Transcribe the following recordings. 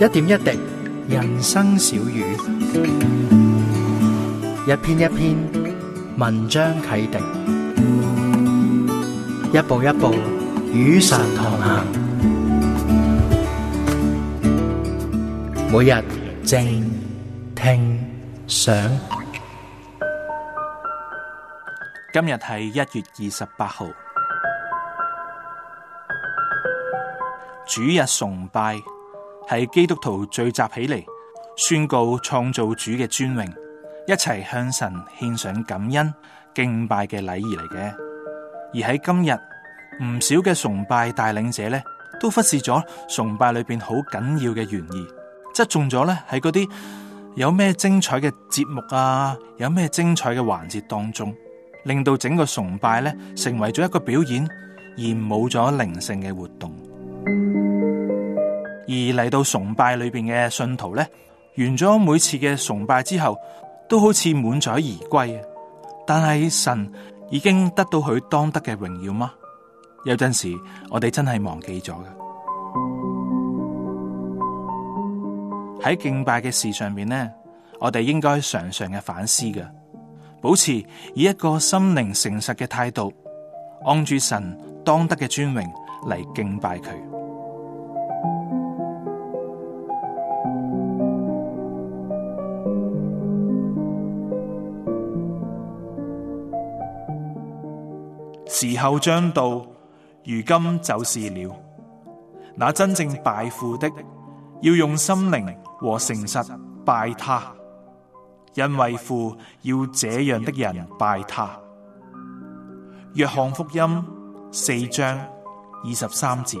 一點一滴，人生小語；一篇一篇，文章啟迪；一步一步，雨傘同行。每日靜聽想，今日係一月二十八號，主日崇拜。係基督徒聚集起嚟，宣告創造主嘅尊榮，一齊向神獻上感恩敬拜嘅禮儀嚟嘅。而喺今日，唔少嘅崇拜帶領者咧，都忽視咗崇拜裏邊好緊要嘅原意，側重咗咧喺嗰啲有咩精彩嘅節目啊，有咩精彩嘅環節當中，令到整個崇拜咧成為咗一個表演，而冇咗靈性嘅活動。而嚟到崇拜裏邊嘅信徒咧，完咗每次嘅崇拜之後，都好似滿載而歸。但係神已經得到佢當得嘅榮耀嗎？有陣時我哋真係忘記咗嘅。喺敬拜嘅事上面，呢我哋應該常常嘅反思嘅，保持以一個心靈誠實嘅態度，按住神當得嘅尊榮嚟敬拜佢。時候將到，如今就是了。那真正拜父的，要用心靈和誠實拜他，因為父要這樣的人拜他。約翰福音四章二十三節。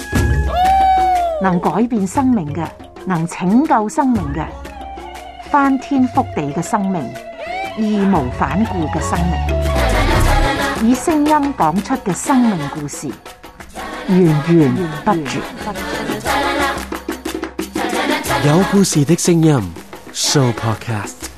能改變生命嘅，能拯救生命嘅，翻天覆地嘅生命，義無反顧嘅生命，以聲音講出嘅生命故事，源源不絕。有故事的聲音，Sooo Podcast。